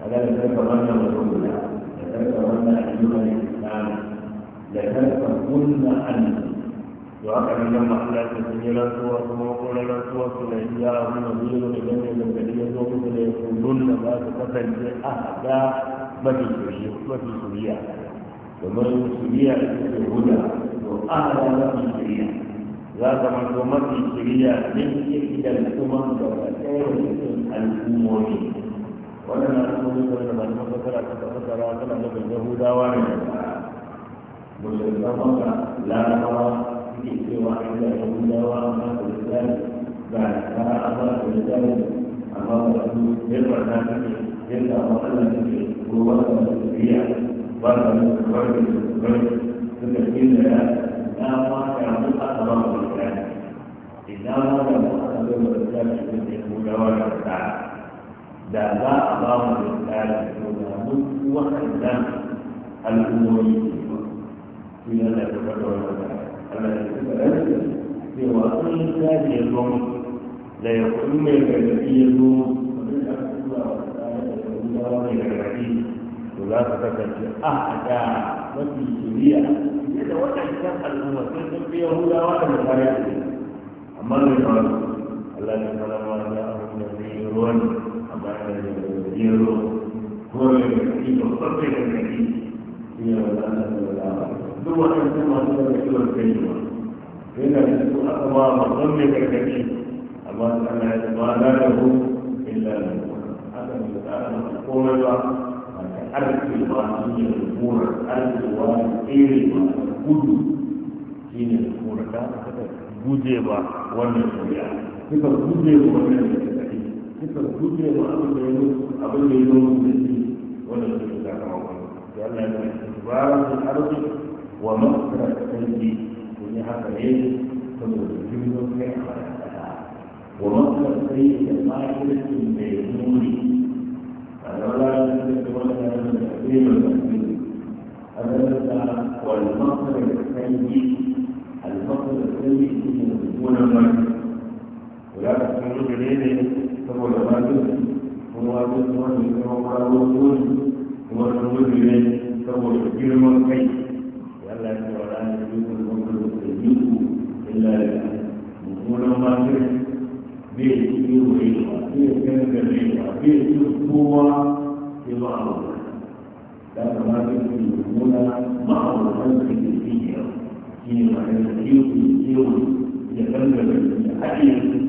هذا يتبنى رسول الله يتبنى أيها الإسلام لتتبنى عنه to haka nan nan ma Allah ya sun kuma kuma rantsuwa su da iya abin da zai zo da gani ya zo musu da ya kundun da za su kasance a haɗa mafi suriya domin suriya ita ce huda to a haɗa mafi suriya za ka manto mafi suriya ɗin yake da al'umman da ɗaya da cikin al'ummomi waɗannan al'ummomi da ba su mafakara ta fasara da yahudawa ne musulman larabawa في واحدة من دوام الإسلام بعد فأخذ الإسلام أمام الرسول بالبرنامج إلا وقال به قوة الأسرية وقال الرجل الرجل فكثير لا لا واقع مطلق أمام الإسلام إذا واقع مطلق أمام الإسلام يكون دوام الساعة da za a ba mu da tsari ko da mun waɗannan al'ummomi ne ba. Ina da kuma da wani cewa an ya zo da ya kudu mai gargaɗi ya zo mai gargaɗi to za ka kasance a da mafi shiriya da waɗancan al'umma sai sun fi yahudawa da amma mai faru Allah fara ma da abin da zai yi ruwan amma da zai yi ruwan ko mai gargaɗi babban mai gargaɗi shi ne duk waɗansu masu da ciwon kai ba yana da su aka ba babban mai gargaɗi amma Allah ya ba na da hu illa da haka ne tsara masa komai ba ba ta arziki ba shi ne rumura arziki ba tsere ba gudu shi ne rumura ta guje ba wannan shari'a suka guje ba wannan gargaɗi suka guje ba abin da ya abin da ya zo da shi wannan shari'a ta kawo ya Allah ya ba su arzikin ومغفرة الذنب ونعم العلم فمزيد خير ومغفرة السيد الآخرة الميمون فلولا أنك ولا الأخير المسجد أبدا والمغفرة السيد المغفرة السيد المسجدون المسجد ولا تكونوا جليل فهو المسجد هو المسجد هو المسجد هو المسجد هو المسجد هو المسجد ذلك وكل ما فيه بيت يوحي وفيه كلمة بيت وفيه قوة في بعض لكن ما فيه يكون بعض الخلق الدينية في معنى يوحي يوحي يتكلم بالحقيقة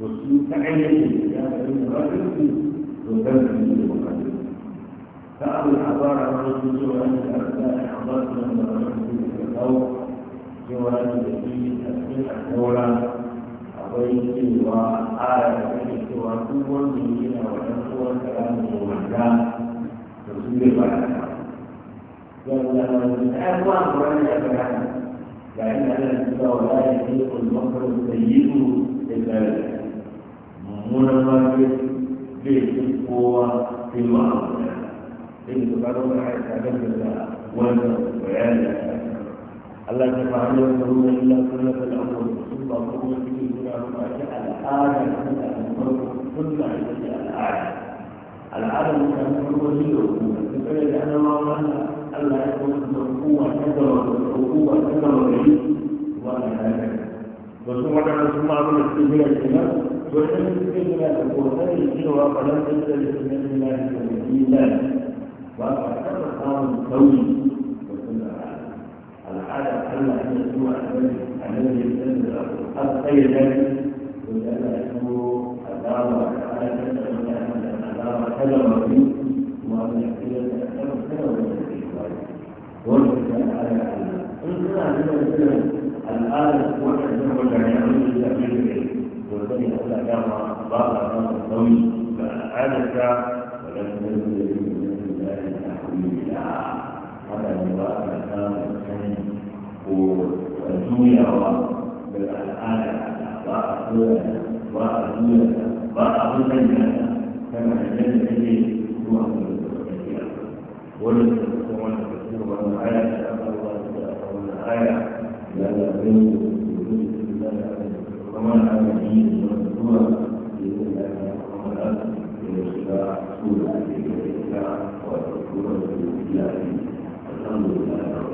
والسوء تعيش يعني الرجل وتنزل المقدمة فأول عبارة عن الرسول أن الأبناء حضرتنا من الرسول cewa da shi a cikin al'ura akwai cewa ara da kake cewa duk wanda ya yana wa ɗan uwan karamin da wanda da su bai ba da ta yau da wani ɗan uwa da wani ya fara ga ina da cewa wala ya ce ulmakar da yi su da zai mummunan mafi zai fi kowa fi ma'amuna. Ibu da ba da wani aiki a kan da wannan bayani da الله سبحانه وتعالى إلا كل في العمر ثم قوم به من ما جعل آدم من المرء ثم جعل آدم العالم من المرء وليه فكيف أن الله ألا يكون القوة كذا والقوة كذا والعيد ولا هكذا وثم جعل ثم عمل السبيل الجنة وإن السبيل لا تكون فإن فلم تجد لسنة الله سبيلا وأكثر قام التوحيد آية ألا أن يسوع الذي يستنزل قد قيل ذلك وجعل اسمه الدار على كذا الدار كذا وفي وأن يحتاج أكثر كذا وفي والمسلم على العالم. إن كان عندنا مثلا الآن واحد منهم كان يعمل التأمين والبني أولى كان بعض أعمال الزوج فعادك ولم يزل من الله تحويلا هذا هو أكثر والدنيا والآلة وأقوالها وأقوالها وأقوالها كما جل به هو ولد ومن كثير من آية ومن آية لا يؤمن بوجود الله ومن آمنين ومن هو بإذن الله ومن إلى رسول الله والرسول الى الحمد لله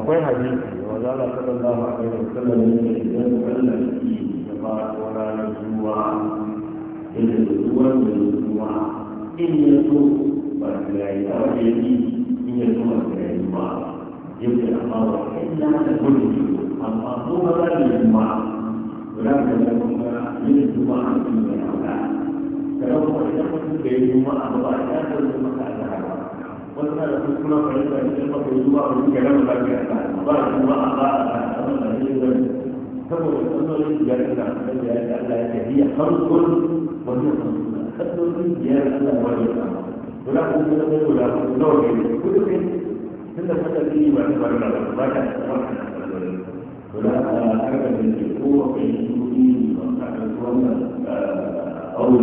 akwai hadisi wa zala sallallahu alaihi wa sallam ne idan sallar ki da ba ko ranar zuwa inda zuwa da zuwa in ya so ba da yayi ba da yi in ya so ba da yayi ba yake amma wa illa da gudu amma ko ba za da yi ba da da kuma yin zuwa a cikin da ya fada da kuma idan mutum da yi ma a ba ya so da maka da وكان كل ما فعلت الشرطة يجوع من كلام بعد كلام ضرب الله أعطاء أمر الجنة فهو يقول جائزة هي خمس وهي خمس حتى يقول جائزة وهي ولا قوة ولا قوة ولا قوة كل شيء كل هذا فيه واعتبار الله ما كان ولا أعلم بالقوة في الدين وأعلم أو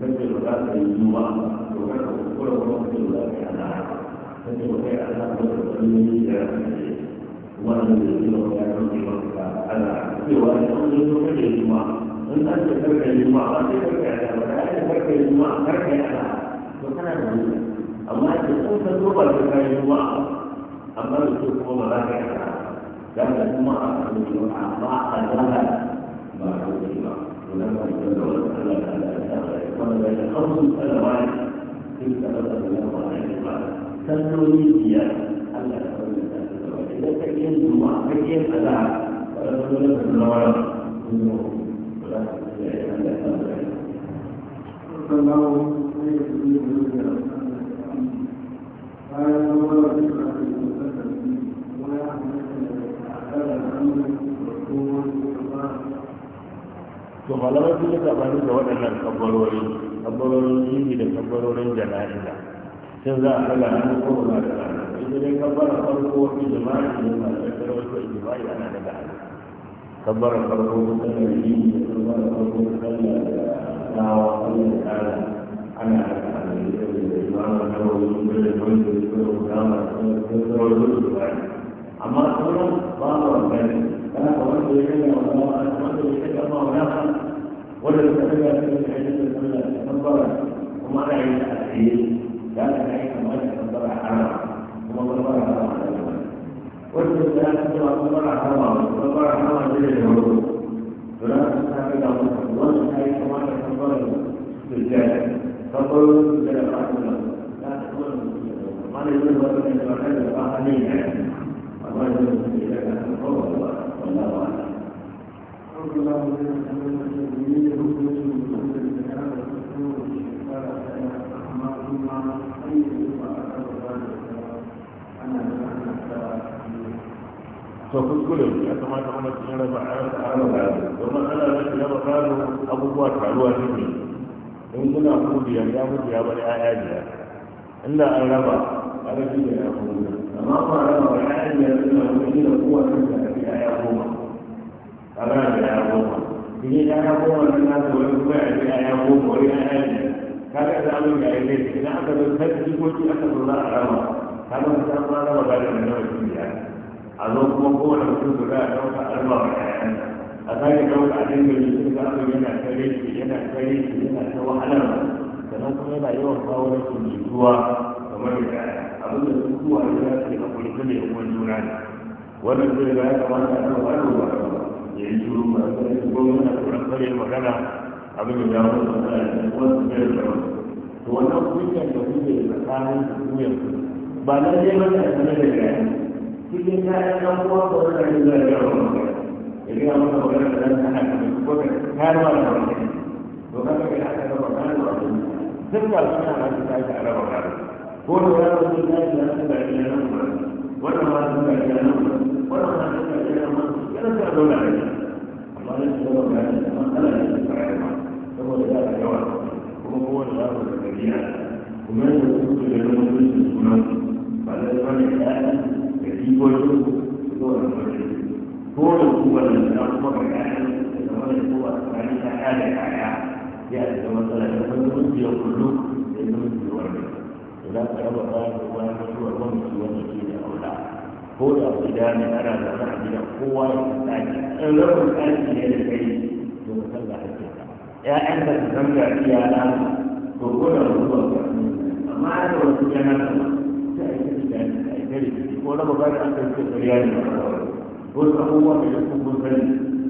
تكبر هذا الجمعة وكذا يقول الله تعالى فهو يعلم الذي ومن يدخل على سوى أن يدخل الجمعة إن أنت ترك الجمعة أنت ترك على ولا ترك الجمعة ترك على وكان أما أنت كنت تقبل ترك الجمعة أما يشوف هو ملاك على لأن الجمعة الجمعة ما أدلها ما هو الجمعة ولما يدل على أن هذا يكون بين خمس سنوات sun saba da Allah wa alaihi wa salloli biyar Allah ya kawai da su gaba idan ka yin zuwa ka yin ala ba da sun da sun lawa sun yi ba da su ya yi Allah ya kawai da su sallahu alaihi wa sallam bayan zama da su da su da su da su da su da su to malamai sun yi sabani da waɗannan kabbarori kabbarorin jini da kabbarorin jana'iza a za a daga hannu ko ba da hannu ita dai kabbara farko ijma'i ne ba da karwato ijma'i ana daga hannu kabbara farko sallar jini da kabbara farko da dawa sallar kara ana daga hannu da imamu na wajen gudun wanda ya kuma dama da kuma sauran su amma sauran ba ma wani فلا قولت لكي والله أنا قولت لكي وأنا ونعم ولا وأنا في الحديث الأولى تفضل وما لا يتأثير لا تعيش ما تفضل حرام وما تفضل حرام وجدت لا تفضل حرام تفضل حرام جل العروض فلا تستحق له ولا تعيش ما تفضل بالجاه فقل جل العروض لا تقول ما يجوز أن يتوحد الآخرين وما يجوز أن يتوحد الآخرين والله أعلم رب to kuskure ya kamata mana cikin raba ƙarar gado domin ana rashin raba gado abubuwa taruwa ne ne in kuna ku biyar ya mutu ya bari yaya biyar inda an raba a rashin da ya kuma amma kuma raba wa ƴaƴan biyar suna kuɗi da kowace da ake ƴaƴa goma a ba da ƴaƴa goma idan ƴaƴa goma nan za su wani kuma ake ƴaƴa goma wani ƴaƴa biyar kaga da abin da ake idan aka zo kan jikoki aka zo za a raba ma raba ba da wani nawa biyar a zo kuma kowane mutum guda a ɗauka a raba wa ƴaƴansa a sake ɗauka a dinga jikin da abin yana kare shi yana kare shi yana ta wahalar sannan kuma yana yawan kawo rashin jituwa kamar da ƴaƴa abin da duk zuwa ya za hakuri ta mai uwan juna ne wannan zai ga ya kamata a kan wani ba ya yi shuru ba sai su gwamnati na tsoron kare magana abin da ya wani suna ya ce wasu zai da wasu to wannan kuka da kuke da tsakanin su yanzu ba na ne ba ta sanar da gaya cikin kayan ɗan uwa ba wani da zai yi wani magana ya gina magana da zan hana ka mai kuma ta yi wani magana to kaga ga haka da magana da wani duk ba suna na su ta yi a raba magana ko da ya zo da ya da suka yi nan ba wannan ma suka yi nan ba wannan ma suka yi nan ba yana suka zauna da shi amma da shi zama amma da shi yi ma saboda ya da yawa kuma kowane ya zo da kariya kuma yadda su su da yawan su su suna ba da ya ne ya da jikokin su zo da kwanci ko da su wannan da kuma ga kayan da zama da kowa tsakanin kaya da kaya ya da matsala da ya kullu da ya mutu ya za ka raba bayan bayan mutuwar gwamnati wanda ke da aula ko da gida ne ana da wani gida kowa ya fi tsaki in rabin tsaki ne da kai to ka san ga hakkin ka ƴaƴan ka su san ga iyala to ko da mutuwar ka amma ana wasu yana sama sai a yi ta gida ne a yi ta ko raba bayan an kai ta ƙarya ne ba ko su abubuwa da ya kuma sani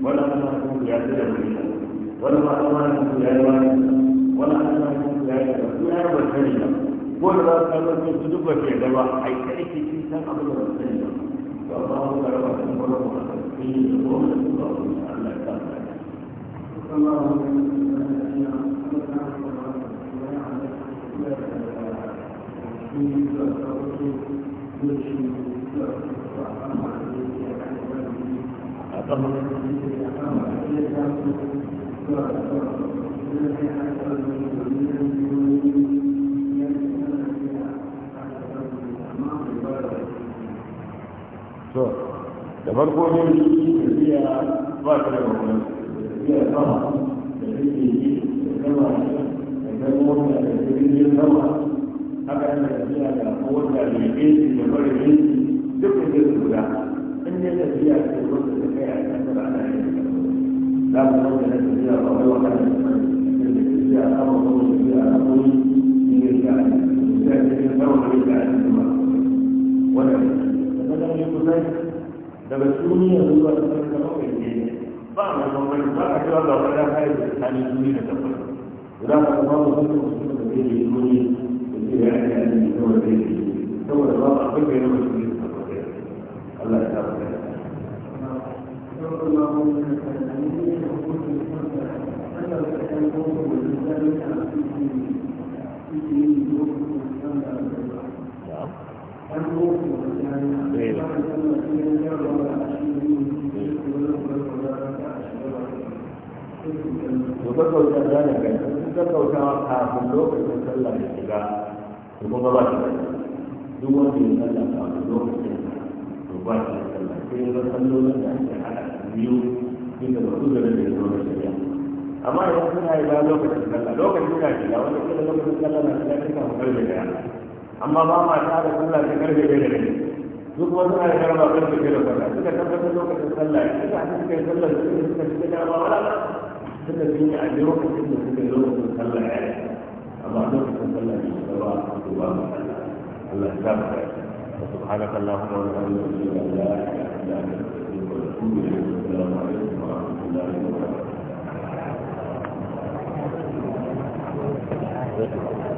wala kuma kuma ya fi da wani wala ma kuma ya fi da wani wala kuma ya fi da wani ya fi da wani ko da za su kallon su su duk ba ke da ba yi kai ke kin san abin da ba sani ba ba ba mu karaba da kuma ba ba sun yi da ko da su ba su Allah ya sa Thank you. to da farko ne tafiya ba ta da wani tafiya sama da take yi da sama da ta mota da jirgin sama haka da tafiya da mota da yake da mara yake duk da ke guda in ne tafiya ce wata ta kai a kan da ana yin za mu zama da tafiya ba wai wata da tafiya sama ko tafiya a kuma yin da ta yi da sama da yake a cikin ba wannan wajen yi kusan daga duniya zuwa da ne ba a mai ba a cewa ga da tsakanin duniya da ka kuma da zai yi duni da yi aiki a cikin kawai zai yi saboda ba a kai bayan mutum da Allah ya to ka kauta da ne kai sun ka kauta kafin kuma shi shi da ake amma idan suna yi ba lokacin sallah lokacin da shiga wanda kila lokacin sallah na shiga cikin mu kai da amma ba ma ta da sallah ta karfe da dare su kuma suna da karba karfe da sallah suka tabbatar lokacin sallah suka haɗu suka yi sallah suka suka suka karba wala suka sun yi a lokacin da suka yi lokacin sallah ya yi amma lokacin sallah ne da ba su ba mu sallah Allah ya sa mu kai سبحانك اللهم وبحمدك اشهد ان لا اله الا انت استغفرك واتوب اليك السلام عليكم ورحمه الله وبركاته